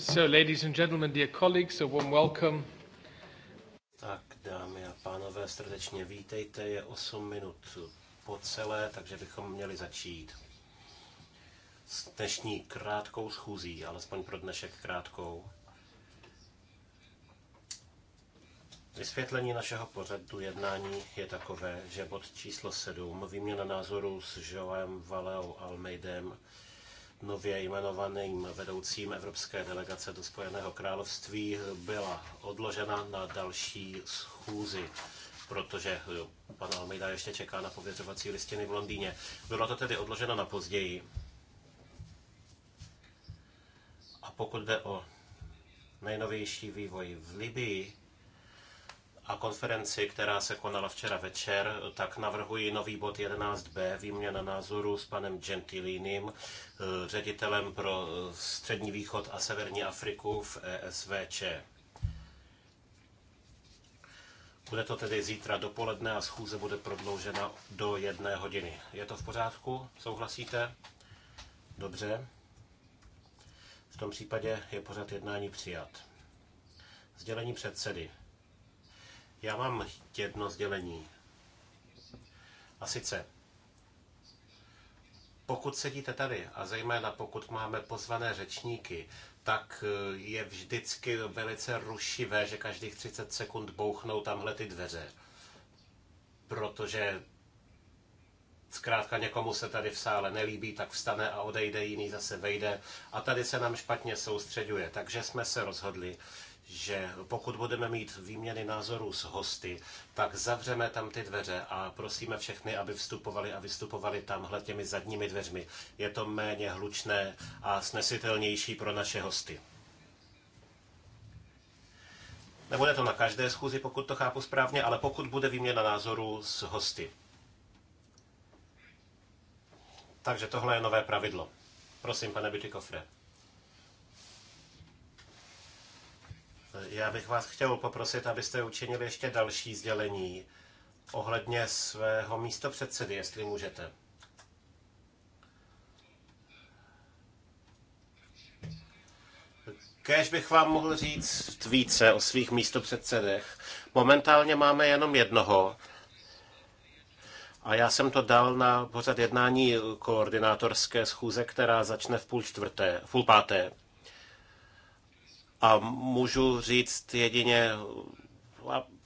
So, ladies and gentlemen, dear colleagues, a warm welcome. Tak, dámy a pánové, srdečně vítejte. Je 8 minut po celé, takže bychom měli začít s dnešní krátkou schůzí, alespoň pro dnešek krátkou. Vysvětlení našeho pořadu jednání je takové, že bod číslo 7, výměna názoru s Joem Valeou Almeidem, nově jmenovaným vedoucím Evropské delegace do Spojeného království byla odložena na další schůzi protože eh, pan Almeida ještě čeká na pověřovací listiny v Londýně. Byla to tedy odložena na později. A pokud jde o nejnovější vývoj v Libii, a konferenci, která se konala včera večer, tak navrhuji nový bod 11b, výměna názoru s panem Gentilínem, eh, ředitelem pro eh, Střední východ a Severní Afriku v ESVČ. Bude to tedy zítra dopoledne a schůze bude prodloužena do jedné hodiny. Je to v pořádku? Souhlasíte? Dobře. V tom případě je pořad jednání přijat. Sdělení předsedy. Já mám jedno sdělení. A sice, pokud sedíte tady a zejména pokud máme pozvané řečníky, tak eh, je vždycky velice rušivé, že každých 30 sekund bouchnou tamhle ty dveře. Protože zkrátka někomu se tady v sále nelíbí, tak vstane a odejde, jiný zase vejde a tady se nám špatně soustředuje. Takže jsme se rozhodli, že pokud budeme mít výměny názorů s hosty, tak zavřeme tam ty dveře a prosíme všechny, aby vstupovali a vystupovali tamhle těmi zadními dveřmi. Je to méně hlučné a snesitelnější pro naše hosty. Nebude to na každé schůzi, pokud to chápu správně, ale pokud bude výměna názorů s hosty. Takže tohle je nové pravidlo. Prosím, pane Bytykofre. kofre. Já bych vás chtěl poprosit, abyste učinili ještě další sdělení ohledně svého místo předsedy, jestli můžete. Kéž bych vám mohl říct více o svých místopředsedech. Momentálně máme jenom jednoho. A já jsem to dal na pořad jednání koordinátorské schůze, která začne v půl čtvrté, v půl páté. A můžu říct jedině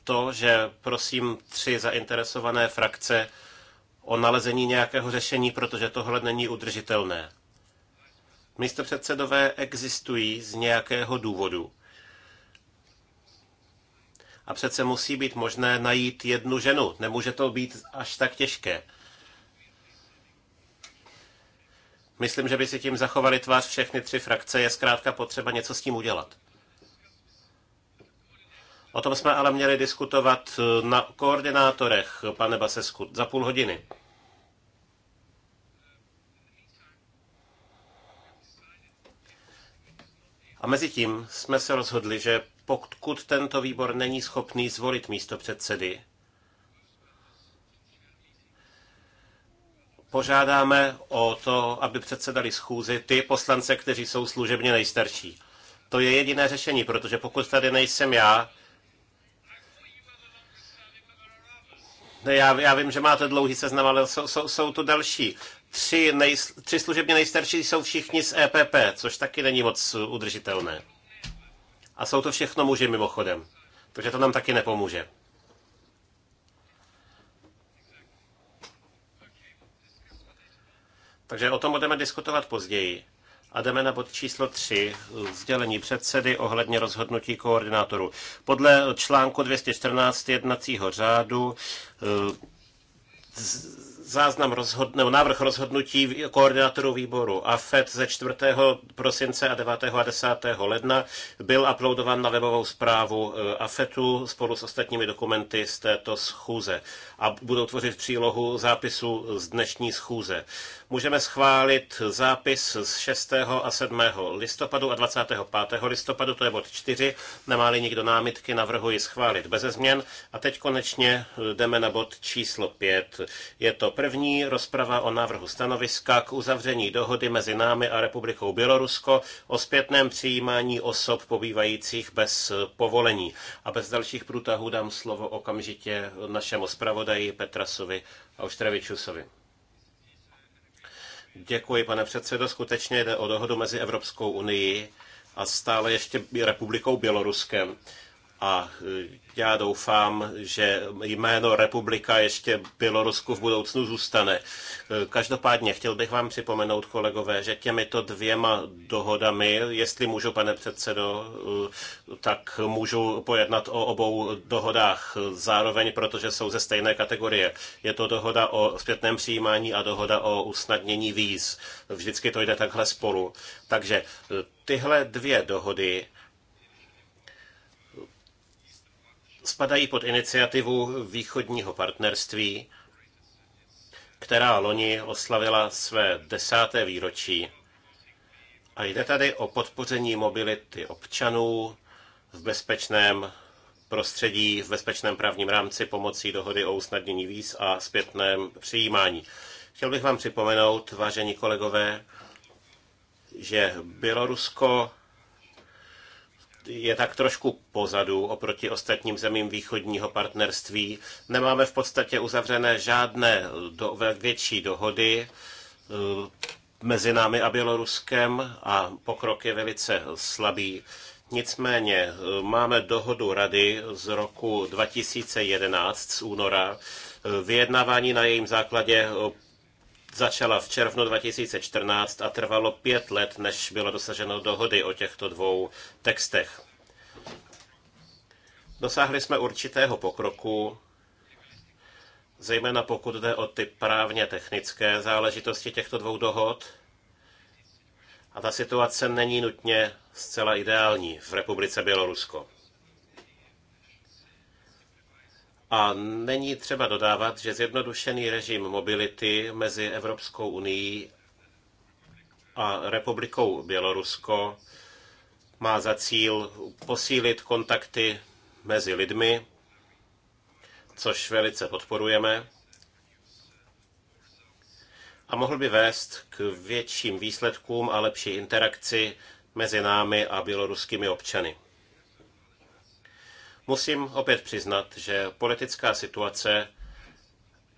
to, že prosím tři zainteresované frakce o nalezení nějakého řešení, protože tohle není udržitelné. Místo předsedové existují z nějakého důvodu. A přece musí být možné najít jednu ženu. Nemůže to být až tak těžké. Myslím, že by si tím zachovali tvář všechny tři frakce. Je zkrátka potřeba něco s tím udělat. O tom jsme ale měli diskutovat eh, na koordinátorech, pane Basesku, za půl hodiny. A mezi tím jsme se rozhodli, že pokud tento výbor není schopný zvolit místo předsedy, požádáme o to, aby předsedali schůzi ty poslance, kteří jsou služebně nejstarší. To je jediné řešení, protože pokud tady nejsem já, Ne, já, já vím, že máte dlouhý seznam, ale jsou, jsou, jsou tu další. Tři, nej, tři služebně nejstarší jsou všichni z EPP, což taky není moc udržitelné. A jsou to všechno muži mimochodem. Takže to nám taky nepomůže. Takže o tom budeme diskutovat později. A jdeme na bod číslo 3, sdělení předsedy ohledně rozhodnutí koordinátorů. Podle článku 214 jednacího řádu eh, záznam rozhod, návrh rozhodnutí koordinátorů výboru AFED ze 4. prosince a 9. a 10. ledna byl uploadován na webovou zprávu eh, AFETu spolu s ostatními dokumenty z této schůze a budou tvořit přílohu zápisu z dnešní schůze. Můžeme schválit zápis z 6. a 7. listopadu a 25. listopadu, to je bod 4. Nemá-li nikdo námitky, navrhuji schválit beze změn. A teď konečně eh, jdeme na bod číslo 5 je to první rozprava o návrhu stanoviska k uzavření dohody mezi námi a Republikou Bělorusko o zpětném přijímání osob pobývajících bez povolení. A bez dalších průtahů dám slovo okamžitě našemu zpravodaji Petrasovi a Děkuji, pane předsedo. Skutečně jde o dohodu mezi Evropskou unii a stále ještě Republikou Běloruskem a e, já doufám, že jméno republika ještě Bělorusku v budoucnu zůstane. E, každopádně chtěl bych vám připomenout, kolegové, že těmito dvěma dohodami, jestli můžu, pane předsedo, e, tak můžu pojednat o obou dohodách zároveň, protože jsou ze stejné kategorie. Je to dohoda o zpětném přijímání a dohoda o usnadnění víz. Vždycky to jde takhle spolu. Takže tyhle dvě dohody spadají pod iniciativu východního partnerství, která loni oslavila své desáté výročí. A jde tady o podpoření mobility občanů v bezpečném prostředí, v bezpečném právním rámci pomocí dohody o usnadnění víz a zpětném přijímání. Chtěl bych vám připomenout, vážení kolegové, že Bělorusko je tak trošku pozadu oproti ostatním zemím východního partnerství. Nemáme v podstatě uzavřené žádné do, větší dohody eh, mezi námi a Běloruskem a pokrok je velice slabý. Nicméně eh, máme dohodu rady z roku 2011 z února. Eh, vyjednávání na jejím základě začala v červnu 2014 a trvalo pět let, než bylo dosaženo dohody o těchto dvou textech. Dosáhli jsme určitého pokroku, zejména pokud jde o ty právně technické záležitosti těchto dvou dohod. A ta situace není nutně zcela ideální v Republice Bělorusko. A není třeba dodávat, že zjednodušený režim mobility mezi Evropskou unii a Republikou Bělorusko má za cíl posílit kontakty mezi lidmi, což velice podporujeme, a mohl by vést k větším výsledkům a lepší interakci mezi námi a běloruskými občany. Musím opět přiznat, že politická situace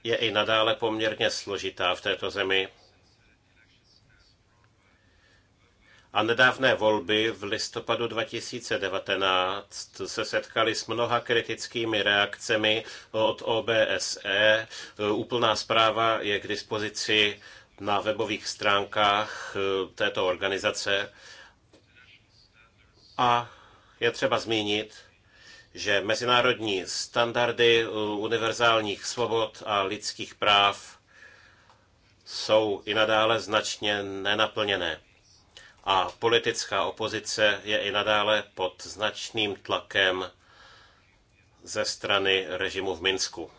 je i nadále poměrně složitá v této zemi. A nedávné volby v listopadu 2019 se setkaly s mnoha kritickými reakcemi od OBSE. Úplná zpráva je k dispozici na webových stránkách eh, této organizace. A je třeba zmínit, že mezinárodní standardy eh, univerzálních svobod a lidských práv jsou i nadále značně nenaplněné a politická opozice je i nadále pod značným tlakem ze strany režimu v Minsku.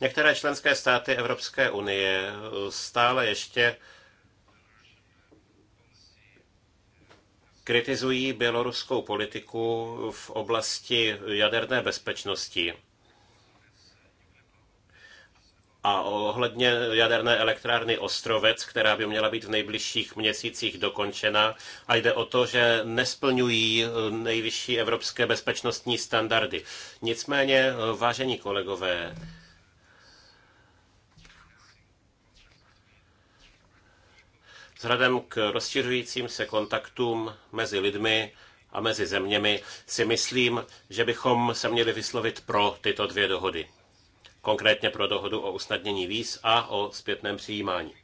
Některé členské státy Evropské unie eh, stále ještě kritizují běloruskou politiku v oblasti jaderné bezpečnosti a ohledně jaderné elektrárny Ostrovec, která by měla být v nejbližších měsících dokončena. A jde o to, že nesplňují nejvyšší evropské bezpečnostní standardy. Nicméně, vážení kolegové, Vzhledem k rozšiřujícím se kontaktům mezi lidmi a mezi zeměmi si myslím, že bychom se měli vyslovit pro tyto dvě dohody. Konkrétně pro dohodu o usnadnění víz a o zpětném přijímání.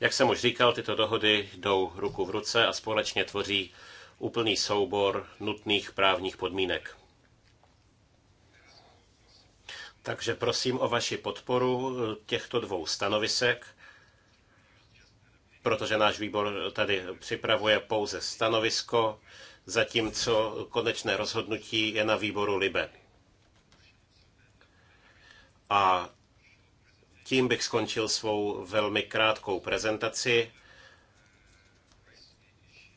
Jak jsem už říkal, tyto dohody jdou ruku v ruce a společně tvoří úplný soubor nutných právních podmínek. Takže prosím o vaši podporu eh, těchto dvou stanovisek, protože náš výbor tady připravuje pouze stanovisko, zatímco konečné rozhodnutí je na výboru LIBE. A tím bych skončil svou velmi krátkou prezentaci.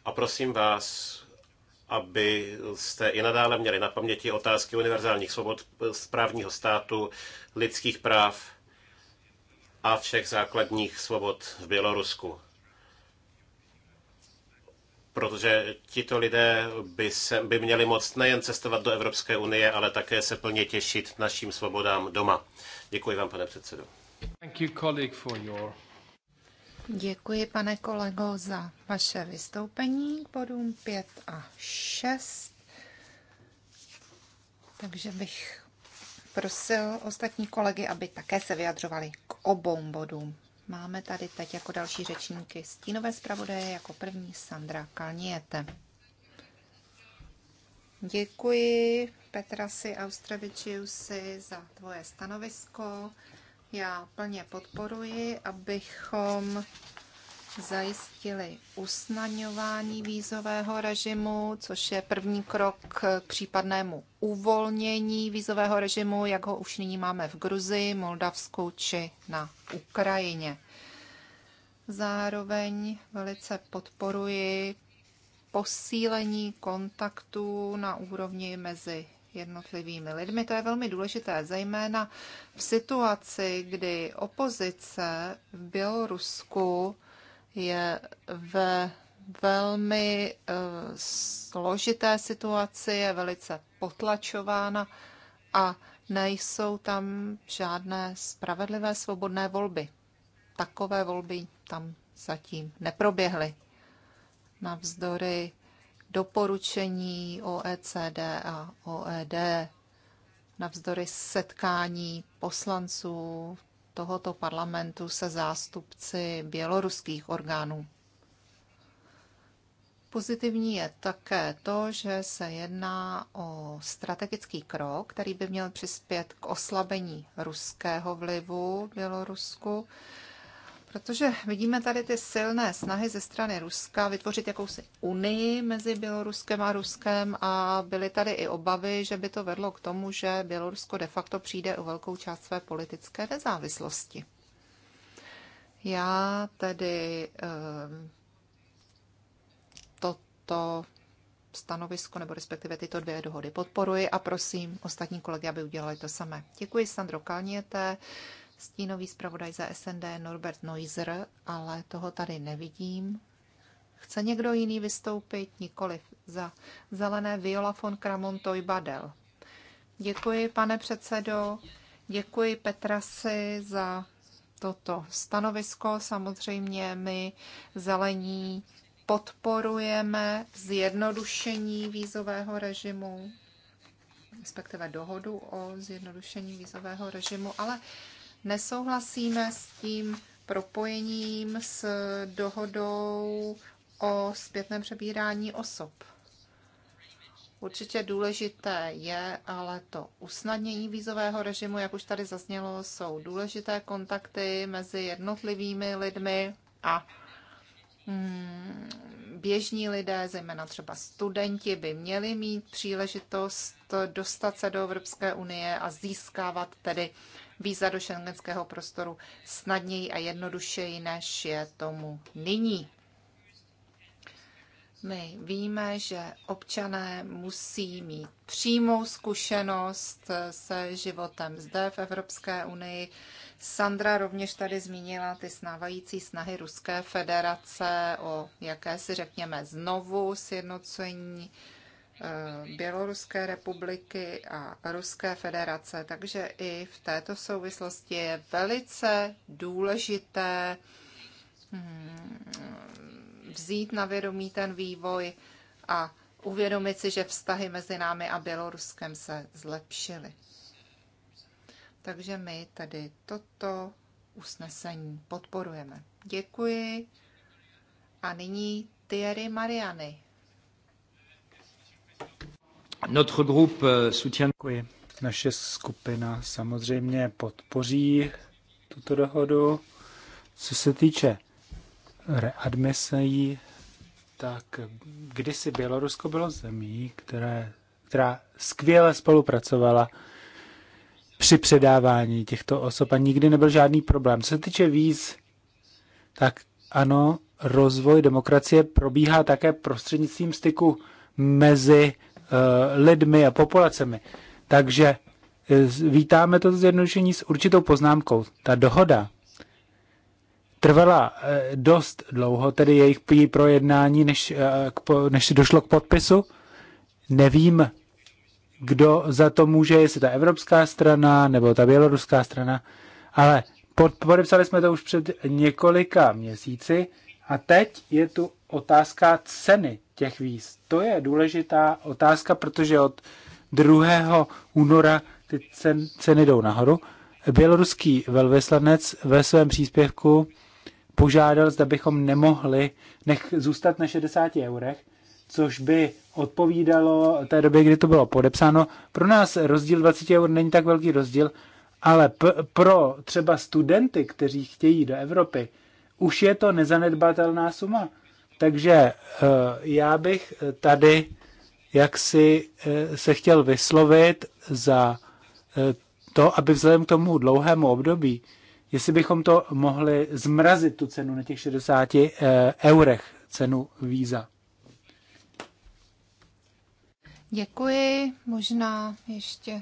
A prosím vás, abyste i nadále měli na paměti otázky univerzálních svobod, správního státu, lidských práv a všech základních svobod v Bělorusku. Protože tito lidé by, se, by měli moct nejen cestovat do Evropské unie, ale také se plně těšit našim svobodám doma. Děkuji vám, pane předsedo. Thank you, colleague, for your... Děkuji, pane kolego, za vaše vystoupení k bodům 5 a 6. Takže bych prosil ostatní kolegy, aby také se vyjadřovali k obou bodům. Máme tady teď jako další řečníky stínové zpravodaje, jako první Sandra Kalniete. Děkuji Petrasi Austrevičiusi za tvoje stanovisko. Já plně podporuji, abychom zajistili usnaňování vízového režimu, což je první krok k případnému uvolnění vízového režimu, jak ho už nyní máme v Gruzii, Moldavsku či na Ukrajině. Zároveň velice podporuji posílení kontaktů na úrovni mezi jednotlivými lidmi. To je velmi důležité, zejména v situaci, kdy opozice v Bělorusku je ve velmi eh, složité situaci, je velice potlačována a nejsou tam žádné spravedlivé svobodné volby. Takové volby tam zatím neproběhly. Navzdory doporučení OECD a OED navzdory setkání poslanců tohoto parlamentu se zástupci běloruských orgánů. Pozitivní je také to, že se jedná o strategický krok, který by měl přispět k oslabení ruského vlivu v Bělorusku Protože vidíme tady ty silné snahy ze strany Ruska vytvořit jakousi unii mezi Běloruskem a Ruskem a byly tady i obavy, že by to vedlo k tomu, že Bělorusko de facto přijde o velkou část své politické nezávislosti. Já tedy ehm, toto stanovisko, nebo respektive tyto dvě dohody podporuji a prosím ostatní kolegy, aby udělali to samé. Děkuji, Sandro Kalněte. Stínový zpravodaj za SND Norbert Neuser, ale toho tady nevidím. Chce někdo jiný vystoupit? Nikoliv. Za zelené Viola von Kramon Tojbadel. Děkuji, pane předsedo. Děkuji Petrasi za toto stanovisko. Samozřejmě my zelení podporujeme zjednodušení vízového režimu, respektive dohodu o zjednodušení vízového režimu, ale Nesouhlasíme s tím propojením s dohodou o zpětném přebírání osob. Určitě důležité je, ale to usnadnění vízového režimu, jak už tady zaznělo, jsou důležité kontakty mezi jednotlivými lidmi a mm, běžní lidé, zejména třeba studenti, by měli mít příležitost dostat se do Evropské unie a získávat tedy víza do šengenského prostoru snadněji a jednodušeji, než je tomu nyní. My víme, že občané musí mít přímou zkušenost se životem zde v Evropské unii. Sandra rovněž tady zmínila ty snávající snahy Ruské federace o jakési, řekněme, znovu sjednocení Eh, Běloruské republiky a Ruské federace. Takže i v této souvislosti je velice důležité hm, vzít na vědomí ten vývoj a uvědomit si, že vztahy mezi námi a Běloruskem se zlepšily. Takže my tedy toto usnesení podporujeme. Děkuji. A nyní Thierry Mariany. Notre groupe euh, soutient... Děkuji. Naše skupina samozřejmě podpoří tuto dohodu. Co se týče readmisí, tak kdysi Bělorusko bylo zemí, které, která skvěle spolupracovala při předávání těchto osob a nikdy nebyl žádný problém. Co se týče víz, tak ano, rozvoj demokracie probíhá také prostřednictvím styku mezi eh, lidmi a populacemi. Takže eh, vítáme toto zjednodušení s určitou poznámkou. Ta dohoda trvala eh, dost dlouho, tedy jejich projednání, než, než došlo k podpisu. Nevím, kdo za to může, jestli ta evropská strana nebo ta běloruská strana, ale podepsali jsme to už před několika měsíci a teď je tu otázka ceny těch víz? To je důležitá otázka, protože od 2. února ty cen, ceny jdou nahoru. Běloruský velvyslanec ve svém příspěvku požádal, zda bychom nemohli nech zůstat na 60 eurech, což by odpovídalo té době, kdy to bylo podepsáno. Pro nás rozdíl 20 eur není tak velký rozdíl, ale pro třeba studenty, kteří chtějí do Evropy, už je to nezanedbatelná suma. Takže eh, já bych eh, tady jaksi eh, se chtěl vyslovit za to, aby vzhledem k tomu dlouhému období, jestli bychom to mohli zmrazit tu cenu na těch 60 eurech, cenu víza. Děkuji. Možná ještě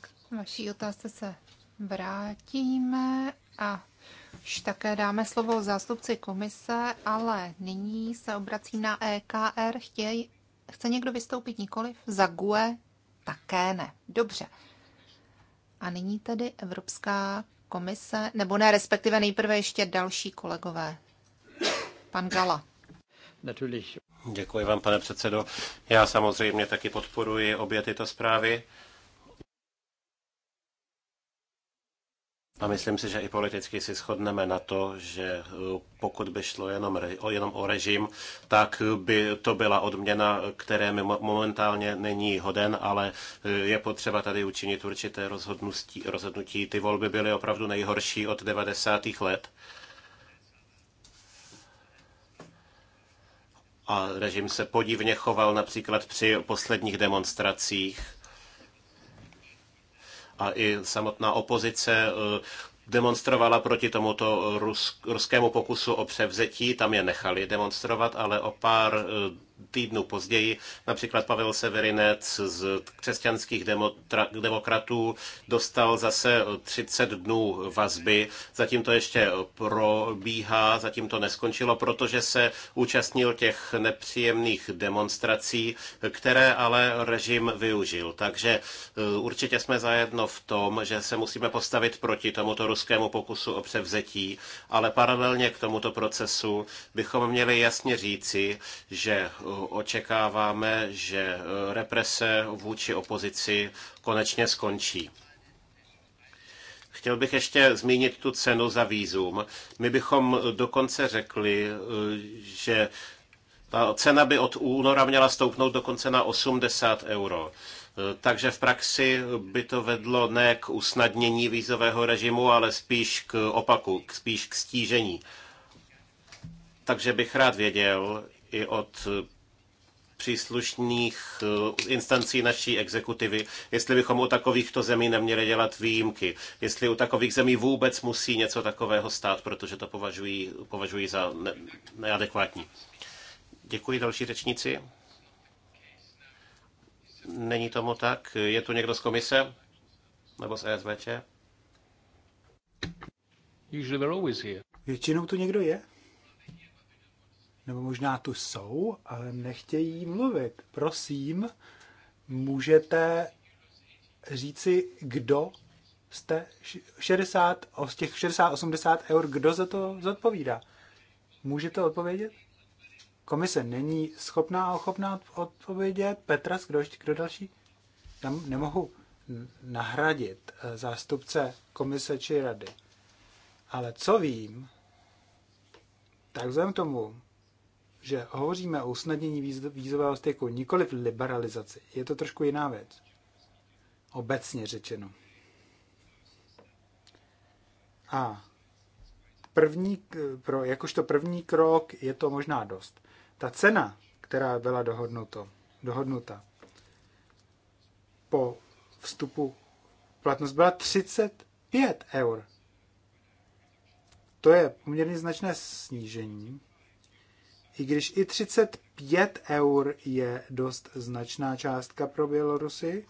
k vaší otázce se vrátíme a už také dáme slovo zástupci komise, ale nyní se obracím na EKR. Chtěj, chce někdo vystoupit nikoliv? Za GUE také ne. Dobře. A nyní tedy Evropská komise, nebo ne, respektive nejprve ještě další kolegové. Pan Gala. Děkuji vám, pane předsedo. Já samozřejmě taky podporuji obě tyto zprávy A myslím si, že i politicky si shodneme na to, že e, pokud by šlo jenom, o, jenom o režim, tak by to byla odměna, které momentálně není hoden, ale e, je potřeba tady učinit určité rozhodnutí. rozhodnutí. Ty volby byly opravdu nejhorší od 90. let. A režim se podivně choval například při posledních demonstracích a i samotná opozice eh, demonstrovala proti tomuto rus, ruskému pokusu o převzetí, tam je nechali demonstrovat, ale o pár eh, týdnu později například Pavel Severinec z křesťanských demokratů dostal zase 30 dnů vazby. Zatím to ještě probíhá, zatím to neskončilo, protože se účastnil těch nepříjemných demonstrací, které ale režim využil. Takže e, určitě jsme zajedno v tom, že se musíme postavit proti tomuto ruskému pokusu o převzetí, ale paralelně k tomuto procesu bychom měli jasně říci, že očekáváme, že eh, represe vůči opozici konečně skončí. Chtěl bych ještě zmínit tu cenu za výzum. My bychom dokonce řekli, eh, že ta cena by od února měla stoupnout dokonce na 80 euro. Eh, takže v praxi by to vedlo ne k usnadnění vízového režimu, ale spíš k opaku, spíš k stížení. Takže bych rád věděl i od příslušných eh, instancí naší exekutivy, jestli bychom u takovýchto zemí neměli dělat výjimky, jestli u takových zemí vůbec musí něco takového stát, protože to považují, považují za ne- neadekvátní. Děkuji další řečníci. Není tomu tak. Je tu někdo z komise? Nebo z ESVČ? Většinou tu někdo je nebo možná tu jsou, ale nechtějí mluvit. Prosím, můžete říci, kdo jste 60, z těch 60-80 eur, kdo za to zodpovídá? Můžete odpovědět? Komise není schopná a ochopná odpovědět. Petras, kdo, kdo další? Já nemohu nahradit eh, zástupce komise či rady. Ale co vím, tak vzhledem tomu, že hovoříme o usnadnění vízového styku, nikoli v liberalizaci. Je to trošku jiná věc. Obecně řečeno. A první, pro, jakožto první krok je to možná dost. Ta cena, která byla dohodnuto, dohodnuta po vstupu platnost byla 35 eur. To je poměrně značné snížení i když i 35 eur je dost značná částka pro Bělorusy,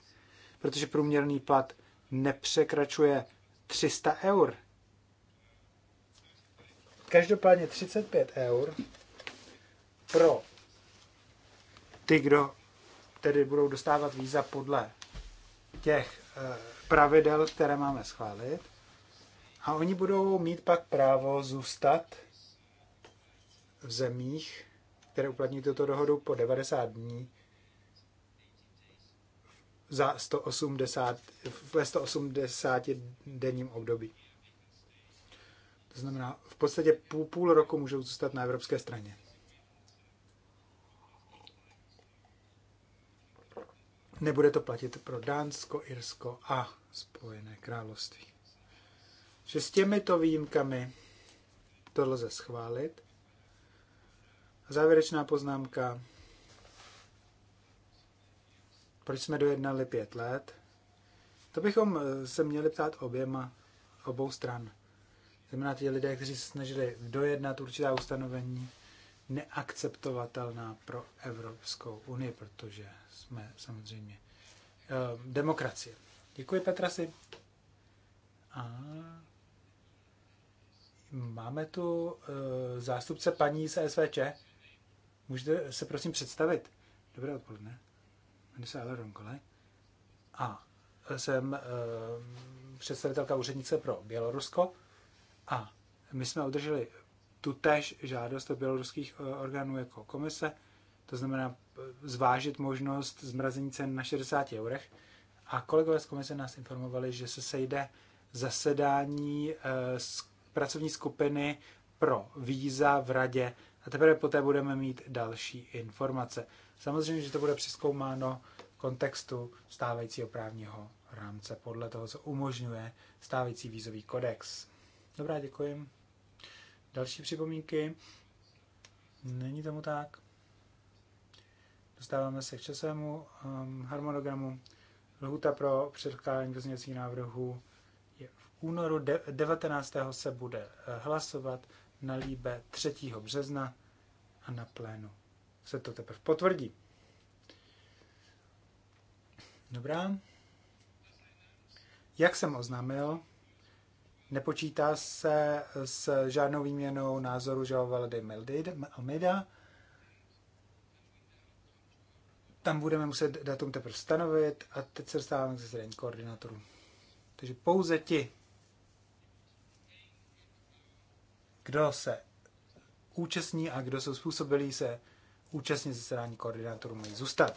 protože průměrný plat nepřekračuje 300 eur. Každopádně 35 eur pro ty, kdo tedy budou dostávat víza podle těch eh, pravidel, které máme schválit. A oni budou mít pak právo zůstat v zemích, které uplatní tuto dohodu po 90 dní, za 180, ve 180 denním období. To znamená, v podstatě půl, půl roku můžou zůstat na evropské straně. Nebude to platit pro Dánsko, Irsko a Spojené království. Že s těmito výjimkami to lze schválit Závěrečná poznámka. Proč jsme dojednali pět let? To bychom eh, se měli ptát oběma, obou stran. Znamená ti lidé, kteří se snažili dojednat určitá ustanovení, neakceptovatelná pro Evropskou unii, protože jsme samozřejmě eh, demokracie. Děkuji Petrasi. A máme tu eh, zástupce paní z SVČ. Můžete se prosím představit. Dobré odpoledne. Jmenuji se Ale Ronkole. A jsem e, představitelka úřednice pro Bělorusko. A my jsme održeli tu též žádost od běloruských eh, orgánů jako komise, to znamená eh, zvážit možnost zmrazení cen na 60 eurech. A kolegové z komise nás informovali, že se sejde zasedání z pracovní skupiny pro víza v radě a teprve poté budeme mít další informace. Samozřejmě, že to bude přeskoumáno v kontextu stávajícího právního rámce podle toho, co umožňuje stávající vízový kodex. Dobrá, děkuji. Další připomínky? Není tomu tak. Dostáváme se k časovému um, harmonogramu. Lhuta pro předkládání pozměňovacích návrhů je v únoru. De- 19. se bude eh, hlasovat na Líbe 3. března a na plénu se to teprve potvrdí. Dobrá. Jak jsem oznámil, nepočítá se s žádnou výměnou názoru Joao de Almeida. Tam budeme muset datum teprve stanovit a teď se dostáváme k zasedání koordinátorů. Takže pouze ti, kdo se účastní a kdo jsou způsobilí se účastnit zasedání koordinátorů mají zůstat.